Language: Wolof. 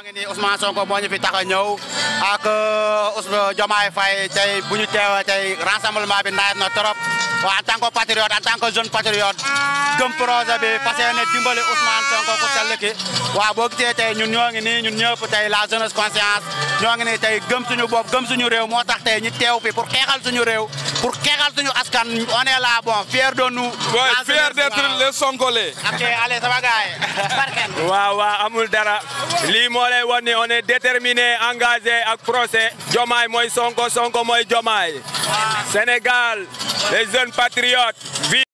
maa ngi nii Ousmane Sonko moo fi tax a ñëw ak euh, Ousmane Diomaye Faye tey bu ñu teewee tey bi nawet na trop bon en tant jeune patriote gëm projet bi parce ne dimbali Ousmane Sonko ku sell ki waaw boo tey ñun ñoo ngi ñun ñëpp tey la jeunesse conscience ñoo ngi nii tey gëm suñu bopp réew moo tax tey ñu teew fi pour xeexal suñu réew pour xeexal suñu askan on est là bon fier de nous. oui fier d'être les Sonkolais. ok allez sama gars yi. waaw amul dara lii moo lay wan ni on ak procès Diomaye mooy Sonko Sonko mooy Diomaye ah. Sénégal les jeunes compatriotes, vive